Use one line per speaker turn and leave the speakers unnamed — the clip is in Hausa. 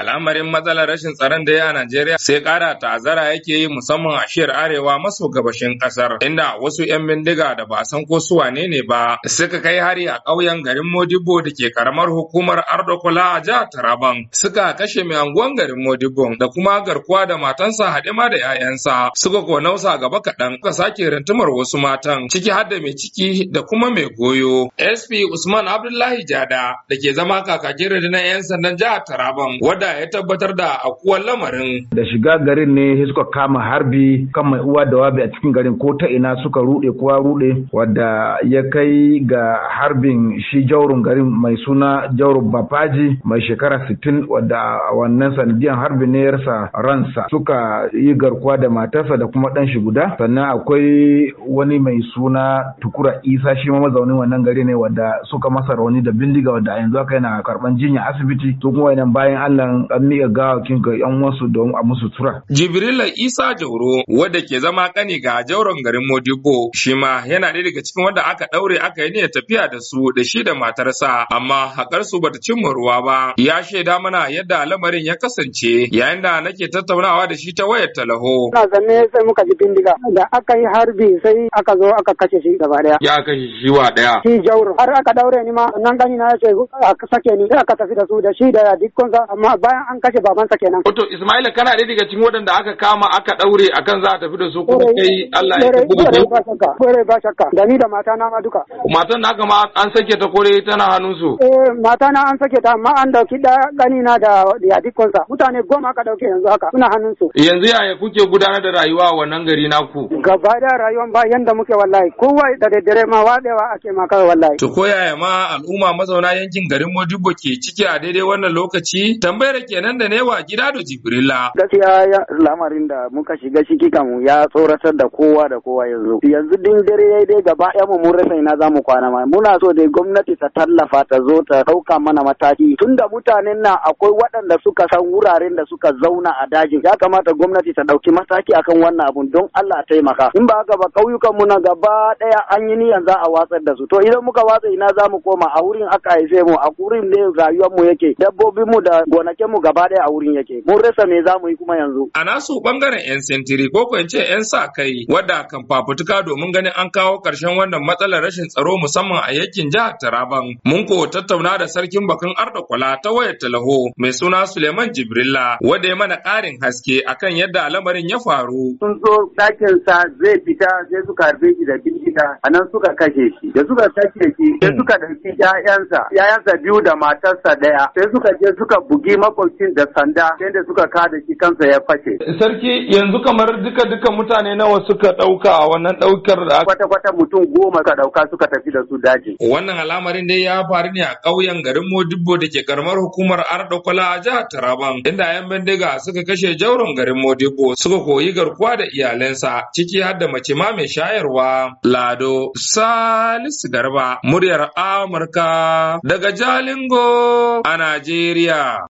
al'amarin matsalar rashin tsaron da ya a Najeriya sai ƙara ta'azara yake yi musamman a shiyar arewa maso gabashin ƙasar inda wasu 'yan bindiga da ba a san ko su wane ne ba suka kai hari a ƙauyen garin Modibo da ke karamar hukumar Ardokola a jihar Taraban suka kashe mai anguwan garin Modibo da kuma garkuwa da matansa Hadima da 'ya'yansa suka nausa gaba kaɗan suka sake rintumar wasu matan ciki har da mai ciki da kuma mai goyo. SP Usman Abdullahi Jada da ke zama kakakin rundunar 'yan sandan jihar Taraban wadda Allah ya tabbatar da akuwar lamarin.
Da shiga garin ne suka kama harbi kan mai uwa da wabi a cikin garin ko ta ina suka rude kowa rude wadda ya kai ga harbin shi jaurin garin mai suna jaurin bafaji mai shekara 60 wadda wannan sanadiyan harbin ne yarsa ransa suka yi garkuwa da matarsa da kuma dan shi guda sannan akwai wani mai suna tukura isa shi mazaunin wannan gari ne wadda suka masa rauni da bindiga wadda yanzu aka yana karban jinya asibiti su kuma bayan Allah dan an miƙa gawakin ga yan wasu don a musu tura.
Jibrila Isa Jauro wadda ke zama kani ga jauron garin Modibo shi ma yana ɗaya daga cikin wanda aka ɗaure aka yi niyyar tafiya da su da shi da matarsa amma haƙar su bata cin ruwa ba ya shaida mana yadda lamarin ya kasance yayin da nake tattaunawa da shi ta wayar talaho.
Ina zanne sai muka ji bindiga da aka yi harbi sai aka zo aka kashe shi gaba ɗaya.
Ya aka shi wa ɗaya.
Shi jauro har aka ɗaure ni ma nan ɗani na ya ce a sake ni sai aka tafi da su da shi da dukkan amma ba bayan an kashe babansa kenan. Wato
Ismaila kana ɗaya daga cikin waɗanda aka kama aka ɗaure akan za a tafi da su kuma kai Allah ya tafi da su.
Kore ba shakka da ni da mata na ma duka.
Matan naka ma an sake ta kore tana hannun su.
Eh mata na an sake ta amma an dauki da gani na da dikkonsa. mutane goma aka dauke yanzu haka suna hannun su.
Yanzu yaya kuke gudanar da rayuwa a wannan gari naku?
Gaba da rayuwan ba yanda muke wallahi kowa da daddare ma wadewa ake ma kawai wallahi. To ko
yaya ma al'umma mazauna yankin garin Modibo ke ciki a daidai wannan lokaci tambayar hira kenan da newa gida da jibrila.
Gaskiya lamarin da muka shiga ciki kam ya tsoratar da kowa da kowa yanzu. Yanzu din dare ya dai gaba ɗaya mu mun rasa ina zamu mu kwana ma. Muna so dai gwamnati ta tallafa ta zo ta ɗauka mana mataki. Tunda mutanen nan akwai waɗanda suka san wuraren da suka zauna a dajin. Ya kamata gwamnati ta ɗauki mataki akan wannan abun don Allah taimaka. In ba haka ba ƙauyukan mu na gaba ɗaya an yi niyan za a watsar da su. To idan muka watsa ina zamu koma a wurin aka haife mu a wurin ne rayuwar mu yake. Dabbobin mu da gonakin mu gaba ɗaya a wurin yake mun rasa me za yi kuma yanzu.
A nasu ɓangaren 'yan sentiri ko ko in ce 'yan sa kai wadda kan fafutuka domin ganin an kawo karshen wannan matsalar rashin tsaro musamman a yankin jihar Taraban. Mun ko tattauna da sarkin bakin Arda Kwala ta wayar talaho mai suna Suleiman Jibrilla wanda ya mana ƙarin haske akan yadda lamarin ya faru. Sun
zo ɗakin sa zai fita sai suka harbe shi da bindiga a nan suka kashe shi da suka kashe shi sai suka ɗauki 'ya'yansa 'ya'yansa biyu da matarsa ɗaya sai suka je suka bugi makwabcin da sanda yadda suka kada shi kansa ya fashe.
Sarki yanzu kamar duka duka mutane nawa suka ɗauka a wannan ɗaukar da kwata kwata mutum goma ka ɗauka suka tafi da su daji. Wannan
al'amarin dai ya faru ne a ƙauyen garin Modibo da ke karamar hukumar Ardokola a jihar Taraban inda 'yan bindiga suka kashe jauron garin Modibo suka koyi garkuwa da iyalansa ciki har da mace ma mai shayarwa. Lado Salisu Garba muryar Amurka daga Jalingo a Najeriya.